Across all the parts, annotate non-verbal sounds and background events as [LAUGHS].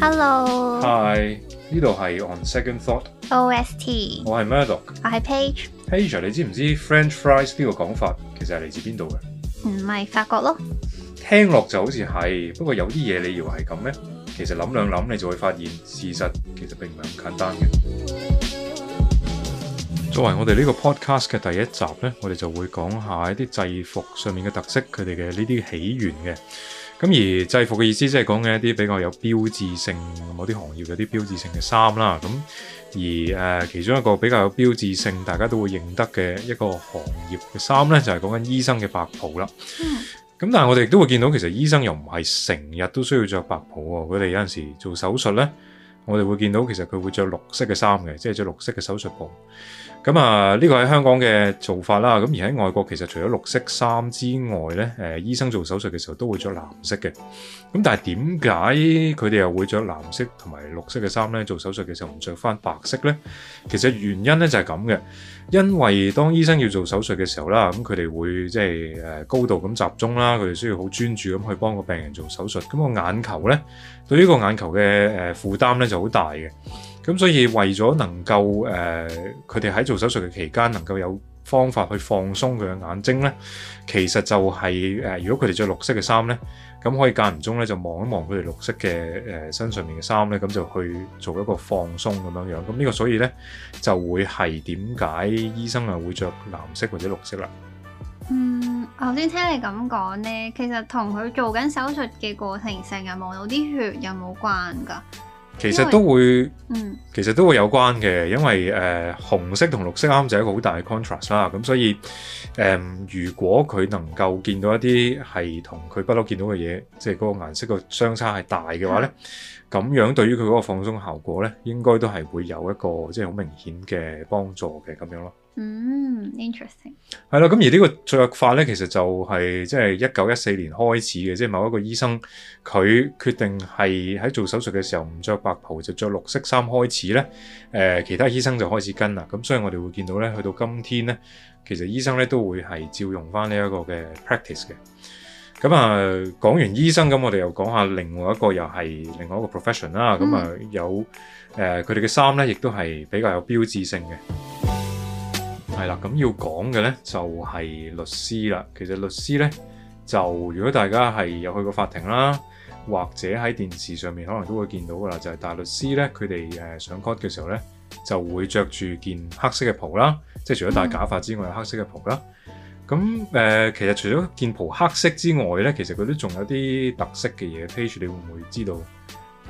Hello，Hi，呢度係 On Second Thought，OST，我係 Murdock，我係 Page，Page，你知唔知 French fries 呢個講法其實係嚟自邊度嘅？唔係法國咯，聽落就好似係，不過有啲嘢你以為係咁咩？其實諗兩諗，你就會發現事實其實並唔係咁簡單嘅。作為我哋呢個 podcast 嘅第一集咧，我哋就會講下一啲制服上面嘅特色，佢哋嘅呢啲起源嘅。咁而制服嘅意思即係講緊一啲比較有標誌性，某啲行業有啲標誌性嘅衫啦。咁而誒其中一個比較有標誌性，大家都會認得嘅一個行業嘅衫咧，就係講緊醫生嘅白袍啦。咁、嗯、但係我哋都會見到，其實醫生又唔係成日都需要着白袍，佢哋有陣時做手術咧，我哋會見到其實佢會着綠色嘅衫嘅，即係着綠色嘅手術袍。咁啊，呢個喺香港嘅做法啦。咁而喺外國，其實除咗綠色衫之外咧，誒，醫生做手術嘅時候都會着藍色嘅。咁但係點解佢哋又會着藍色同埋綠色嘅衫咧？做手術嘅時候唔着返白色咧？其實原因咧就係咁嘅，因為當醫生要做手術嘅時候啦，咁佢哋會即係誒高度咁集中啦，佢哋需要好專注咁去幫個病人做手術。咁個眼球咧，對呢個眼球嘅誒負擔咧就好大嘅。咁所以為咗能夠誒，佢哋喺做手術嘅期間能夠有方法去放鬆佢嘅眼睛咧，其實就係、是、誒、呃，如果佢哋着綠色嘅衫咧，咁可以間唔中咧就望一望佢哋綠色嘅誒、呃、身上面嘅衫咧，咁就去做一個放鬆咁樣樣。咁呢個所以咧就會係點解醫生啊會着藍色或者綠色啦。嗯，頭先聽你咁講咧，其實同佢做緊手術嘅過程成日望到啲血有冇關㗎？其實都會，嗯、其實都會有關嘅，因為誒、呃、紅色同綠色啱就係一個好大嘅 contrast 啦、啊，咁所以誒、呃、如果佢能夠見到一啲係同佢不嬲見到嘅嘢，即係嗰個顏色嘅相差係大嘅話咧。嗯咁樣對於佢嗰個放鬆效果咧，應該都係會有一個即係好明顯嘅幫助嘅咁樣咯。嗯，interesting。係咯，咁而呢個著法咧，其實就係即係一九一四年開始嘅，即係某一個醫生佢決定係喺做手術嘅時候唔着白袍，就着綠色衫開始咧。誒，其他醫生就開始跟啦。咁所以我哋會見到咧，去到今天咧，其實醫生咧都會係照用翻呢一個嘅 practice 嘅。咁啊，講完醫生咁，我哋又講下另外一個，又係另外一個 profession 啦、嗯。咁啊，有誒佢哋嘅衫咧，亦都係比較有標誌性嘅。係啦、嗯，咁要講嘅咧就係、是、律師啦。其實律師咧，就如果大家係有去過法庭啦，或者喺電視上面可能都會見到噶啦，就係、是、大律師咧，佢哋誒上 court 嘅時候咧，就會着住件黑色嘅袍啦，即係除咗戴假髮之外，嗯、有黑色嘅袍啦。咁誒、呃，其實除咗件袍黑色之外咧，其實佢都仲有啲特色嘅嘢。Page，uh, 你會唔會知道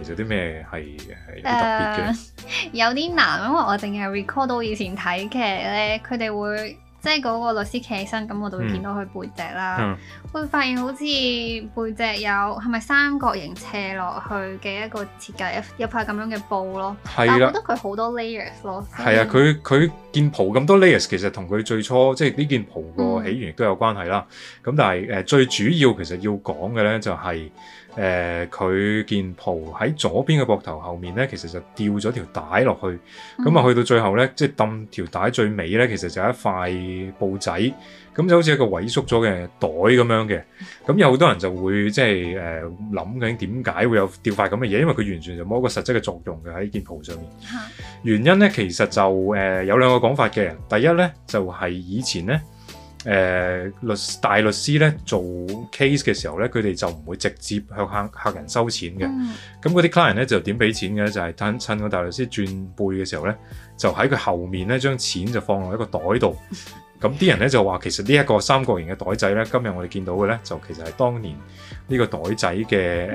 其實啲咩係係特別嘅？有啲難，因為我淨係 recall 到以前睇劇咧，佢哋會。即係嗰個律師企起身，咁我就會見到佢背脊啦，嗯、會發現好似背脊有係咪三角形斜落去嘅一個設計一塊咁樣嘅布咯。係啦的，我覺得佢好多 layers 咯。係啊的，佢佢、嗯、件袍咁多 layers，其實同佢最初即係呢件袍個起源都有關係啦。咁、嗯、但係誒、呃、最主要其實要講嘅咧就係誒佢件袍喺左邊嘅膊頭後面咧，其實就吊咗條帶落去，咁啊、嗯、去到最後咧，即係揼條帶最尾咧，其實就係一塊布仔，咁就好似一個萎縮咗嘅袋咁樣嘅。咁有好多人就會即係誒諗緊點解會有掉塊咁嘅嘢，因為佢完全就冇一個實質嘅作用嘅喺件袍上面。原因咧，其實就誒、呃、有兩個講法嘅。第一咧就係、是、以前咧。誒律、呃、大律師咧做 case 嘅時候咧，佢哋就唔會直接向客客人收錢嘅。咁嗰啲、嗯、client 咧就點俾錢嘅？就係、就是、趁趁個大律師轉背嘅時候咧，就喺佢後面咧將錢就放落一個袋度。咁啲 [LAUGHS] 人咧就話，其實呢一個三角形嘅袋仔咧，今日我哋見到嘅咧，就其實係當年呢個袋仔嘅誒，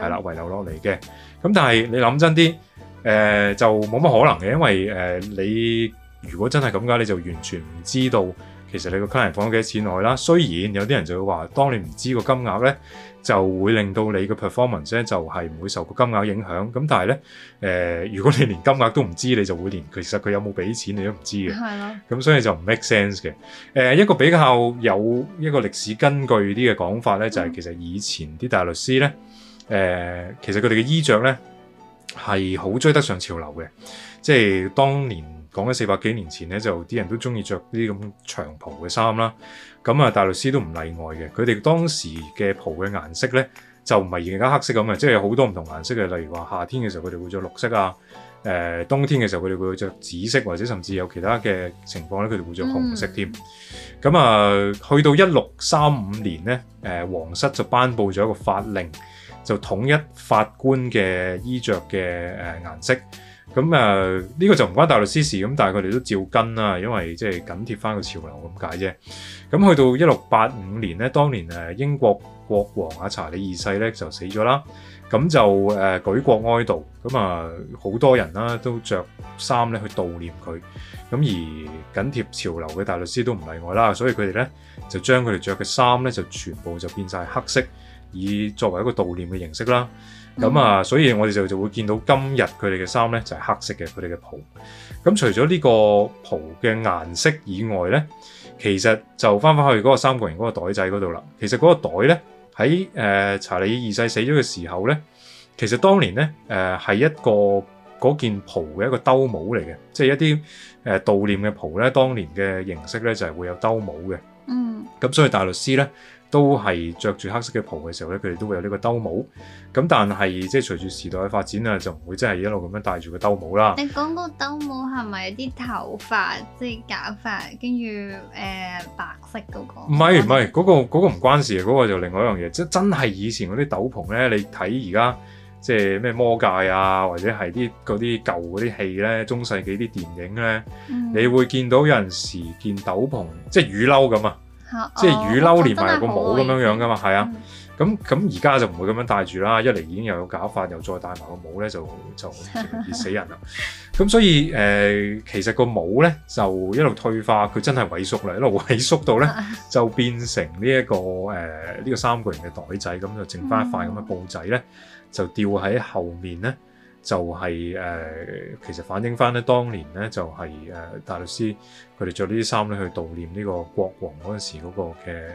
係啦、嗯、遺留落嚟嘅。咁但係你諗真啲，誒、呃、就冇乜可能嘅，因為誒、呃、你如果真係咁解，你就完全唔知道。其實你個 client 放咗幾多錢落去啦，雖然有啲人就會話，當你唔知個金額咧，就會令到你嘅 performance 咧就係唔會受個金額影響。咁但係咧，誒、呃，如果你連金額都唔知，你就會連其實佢有冇俾錢你都唔知嘅。係咯的。咁所以就唔 make sense 嘅。誒、呃，一個比較有一個歷史根據啲嘅講法咧，就係、是、其實以前啲大律師咧，誒、呃，其實佢哋嘅衣着咧係好追得上潮流嘅，即係當年。講緊四百幾年前咧，就啲人都中意著啲咁長袍嘅衫啦。咁啊，大律師都唔例外嘅。佢哋當時嘅袍嘅顏色咧，就唔係而家黑色咁啊。即係有好多唔同顏色嘅。例如話夏天嘅時候，佢哋會着綠色啊；誒、呃、冬天嘅時候，佢哋會着紫色，或者甚至有其他嘅情況咧，佢哋會着紅色添。咁啊、嗯，去到一六三五年咧，誒、呃、皇室就頒布咗一個法令，就統一法官嘅衣着嘅誒顏色。咁誒呢個就唔關大律師事，咁，但係佢哋都照跟啦，因為即係緊貼返個潮流咁解啫。咁去到一六八五年咧，當年誒英國國王阿查理二世咧就死咗啦，咁就誒舉國哀悼，咁啊好多人啦都着衫咧去悼念佢。咁而緊貼潮流嘅大律師都唔例外啦，所以佢哋咧就將佢哋着嘅衫咧就全部就變晒黑色，以作為一個悼念嘅形式啦。咁、嗯、啊，所以我哋就就會見到今日佢哋嘅衫咧就係、是、黑色嘅，佢哋嘅袍。咁除咗呢個袍嘅顏色以外咧，其實就翻翻去嗰個三角形嗰個袋仔嗰度啦。其實嗰個袋咧喺誒查理二世死咗嘅時候咧，其實當年咧誒係一個嗰件袍嘅一個兜帽嚟嘅，即係一啲誒悼念嘅袍咧，當年嘅形式咧就係、是、會有兜帽嘅。嗯。咁所以大律師咧。都係着住黑色嘅袍嘅時候咧，佢哋都會有呢個兜帽。咁但係即係隨住時代嘅發展啊，就唔會真係一路咁樣戴住個兜帽啦。你講個兜帽係咪啲頭髮即係假髮，跟住誒白色嗰個？唔係唔係，嗰個嗰個唔關事啊。嗰個就另外一樣嘢，即係真係以前嗰啲斗篷咧。你睇而家即係咩魔界啊，或者係啲嗰啲舊嗰啲戲咧，中世紀啲電影咧，嗯、你會見到有陣時件斗篷即係雨褸咁啊。即係雨褸連埋個帽咁、哦、樣樣噶嘛，係、嗯、啊，咁咁而家就唔會咁樣戴住啦。一嚟已經又有假髮，又再戴埋個帽咧，就就熱死人啦。咁 [LAUGHS] 所以誒、呃，其實個帽咧就一路退化，佢真係萎縮啦，一路萎縮到咧就變成呢、這、一個誒呢、呃這個三角形嘅袋仔，咁就剩翻一塊咁嘅布仔咧，嗯、就吊喺後面咧。就係、是、誒、呃，其實反映翻咧，當年咧就係、是、誒、呃、大律師佢哋着呢啲衫咧去悼念呢個國王嗰陣時嗰個嘅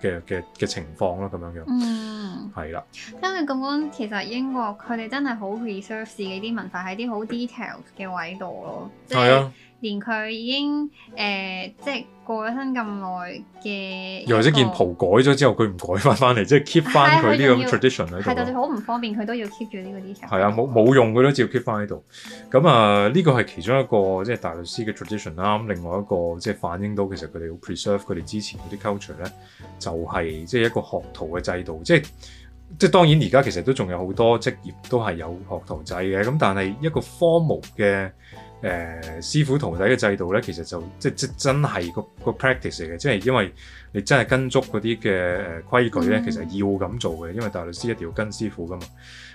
嘅嘅嘅情況咯，咁樣樣。嗯，係啦的。因為你咁講，其實英國佢哋真係好 reserve 自己啲文化喺啲好 detail 嘅位度咯。係、就是、啊。連佢已經誒、呃，即係過咗身咁耐嘅，又或者件袍改咗之後，佢唔改翻翻嚟，即係 keep 翻佢呢個咁 tradition 喺度。好唔方便，佢都要 keep 住呢個啲嘢。係啊，冇冇用嘅都照 keep 翻喺度。咁啊，呢個係其中一個即係大律師嘅 tradition 啦。咁另外一個即係反映到其實佢哋要 preserve 佢哋之前嗰啲 culture 咧，就係即係一個學徒嘅制度。即係即係當然而家其實都仲有好多職業都係有學徒制嘅。咁但係一個 formal 嘅。誒、呃、師傅徒弟嘅制度咧，其實就即即真係個個 practice 嚟嘅，即係因為你真係跟足嗰啲嘅誒規矩咧，其實要咁做嘅，因為大律師一定要跟師傅噶嘛。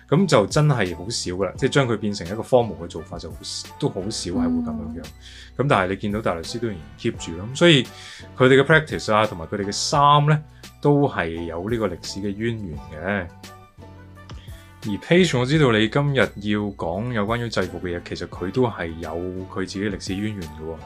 咁就真係好少噶啦，即係將佢變成一個 formal 嘅做法就，就都好少係會咁樣樣。咁、嗯、但係你見到大律師都仍然 keep 住咯。咁所以佢哋嘅 practice 啊，同埋佢哋嘅衫咧，都係有呢個歷史嘅淵源嘅。而 Page，我知道你今日要講有關於制服嘅嘢，其實佢都係有佢自己歷史淵源嘅喎、哦。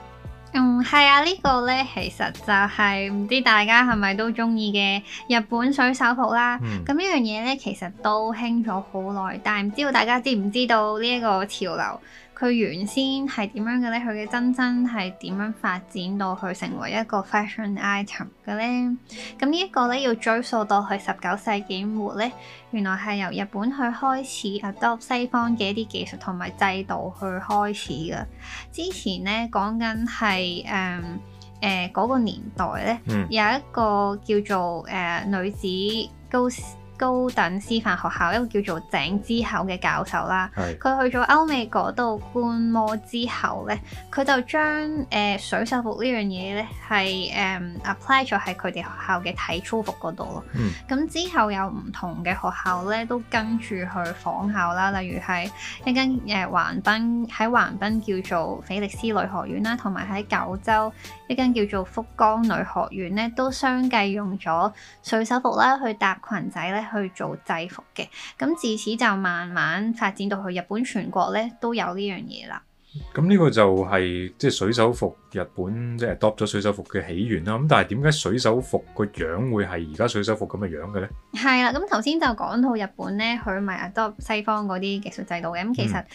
嗯，係啊，呢、呢個呢，其實就係唔知大家係咪都中意嘅日本水手服啦。咁呢樣嘢呢，其實都興咗好耐，但係唔知道大家知唔知道呢一個潮流？佢原先係點樣嘅咧？佢嘅真身係點樣發展到去成為一個 fashion item 嘅咧？咁呢一個咧，要追溯到去十九世紀末咧，原來係由日本去開始 adopt 西方嘅一啲技術同埋制度去開始嘅。之前咧講緊係誒誒嗰個年代咧，嗯、有一個叫做誒、呃、女子高高等師範學校一個叫做井之口嘅教授啦，佢的去咗歐美嗰度觀摩之後呢，佢就將誒、呃、水手服呢樣嘢呢，係誒、呃、apply 咗喺佢哋學校嘅體操服嗰度咯。咁、嗯、之後有唔同嘅學校呢，都跟住去仿效啦，例如係一間誒、呃、橫濱喺橫濱叫做菲力斯女學院啦，同埋喺九州一間叫做福岡女學院呢，都相繼用咗水手服啦去搭裙仔呢。去做制服嘅，咁自此就慢慢發展到去日本全國咧，都有呢樣嘢啦。咁呢個就係即係水手服，日本即係 adopt 咗水手服嘅起源啦。咁但係點解水手服個樣會係而家水手服咁嘅樣嘅咧？係啦，咁頭先就講到日本咧，佢咪 adopt 西方嗰啲技術制度嘅，咁其實、嗯。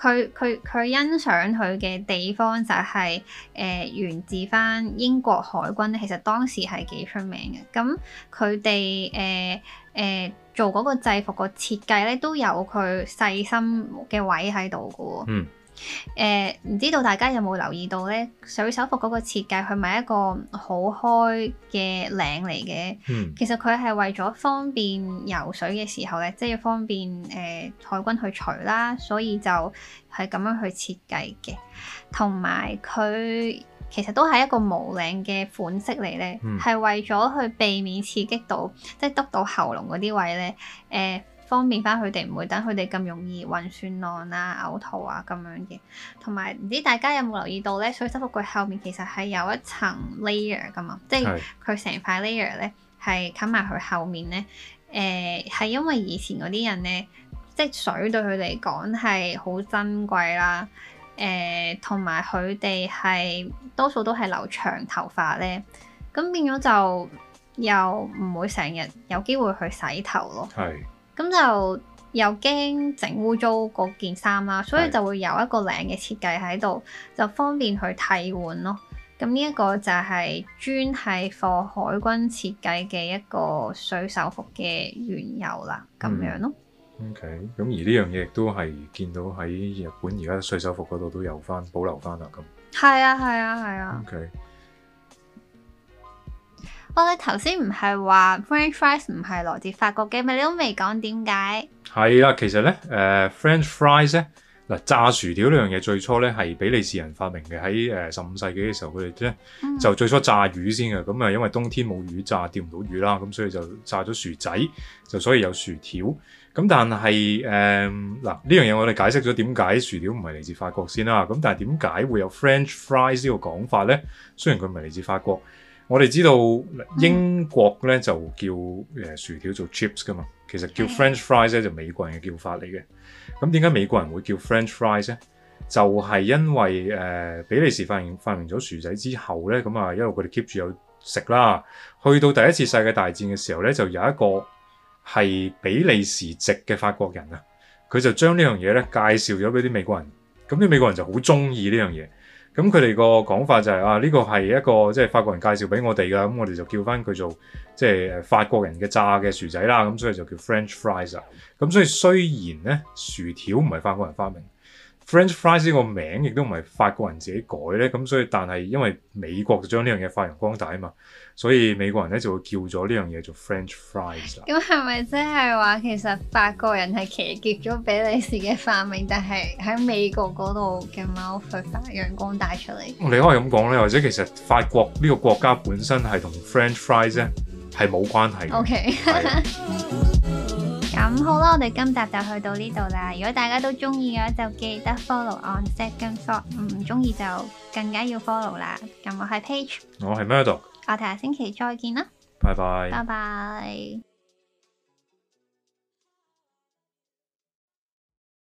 佢佢佢欣賞佢嘅地方就係誒源自翻英國海軍咧，其實當時係幾出名嘅。咁佢哋誒誒做嗰個制服個設計咧，都有佢細心嘅位喺度㗎喎。嗯。誒，唔、呃、知道大家有冇留意到呢？水手服嗰個設計，佢咪一個好開嘅領嚟嘅。嗯、其實佢係為咗方便游水嘅時候呢即係、就是、方便誒、呃、海軍去除啦，所以就係咁樣去設計嘅。同埋佢其實都係一個無領嘅款式嚟，呢、係、嗯、為咗去避免刺激到，即係篤到喉嚨嗰啲位呢。誒、呃。方便翻佢哋，唔會等佢哋咁容易暈船浪啊、嘔吐啊咁樣嘅。同埋唔知大家有冇留意到咧？水手服後面其實係有一層 layer 噶嘛。是即係佢成塊 layer 咧係冚埋佢後面咧。誒、呃、係因為以前嗰啲人咧，即係水對佢嚟講係好珍貴啦。誒，同埋佢哋係多數都係留長頭髮咧，咁變咗就又唔會成日有機會去洗頭咯。係。咁就又驚整污糟嗰件衫啦，所以就會有一個領嘅設計喺度，就方便去替換咯。咁呢一個就係專係為海軍設計嘅一個水手服嘅原由啦，咁、嗯、樣咯。OK，咁而呢樣嘢亦都係見到喺日本而家嘅水手服嗰度都有翻保留翻啦，咁。係啊，係啊，係啊。Okay. 我、哦、你頭先唔係話 French fries 唔係來自法國嘅，咪你都未講點解？係啦，其實咧，誒、呃、French fries 咧，嗱，炸薯條呢樣嘢最初咧係比利時人發明嘅。喺誒十五世紀嘅時候，佢哋咧就最初炸魚先嘅。咁啊，因為冬天冇魚炸，釣唔到魚啦，咁所以就炸咗薯仔，就所以有薯條。咁但係誒嗱，呢樣嘢，我哋解釋咗點解薯條唔係嚟自法國先啦。咁但係點解會有 French fries 呢個講法咧？雖然佢唔係嚟自法國。我哋知道英國咧就叫誒薯條做 chips 㗎嘛，其實叫 French fries 咧就美國人嘅叫法嚟嘅。咁點解美國人會叫 French fries 咧？就係、是、因為誒、呃、比利時發明發明咗薯仔之後咧，咁啊一路佢哋 keep 住有食啦。去到第一次世界大戰嘅時候咧，就有一個係比利時籍嘅法國人啊，佢就將呢樣嘢咧介紹咗俾啲美國人，咁啲美國人就好鍾意呢樣嘢。咁佢哋個講法就係、話、啊呢個係一個即係法國人介紹俾我哋噶，咁我哋就叫翻佢做即係法國人嘅炸嘅薯仔啦，咁所以就叫 French fries 啊。咁所以雖然咧薯條唔係法國人發明，French fries 呢個名亦都唔係法國人自己改咧，咁所以但係因為美國就將呢樣嘢發揚光大啊嘛，所以美國人咧就會叫咗呢樣嘢做 French fries 啦。咁係咪即係話其實法國人係騎劫咗比利時嘅發明，但係喺美國嗰度嘅貓會發揚光大出嚟？你可以咁講咧，或者其實法國呢個國家本身係同 French fries 咧係冇關係嘅。Okay. [LAUGHS] 咁好啦，我哋今集就去到呢度啦。如果大家都中意嘅話，就記得 follow on set 跟 follow。唔中意就更加要 follow 啦。咁我係 Page，我係 Meadow，我哋下星期再見啦。拜拜。拜拜。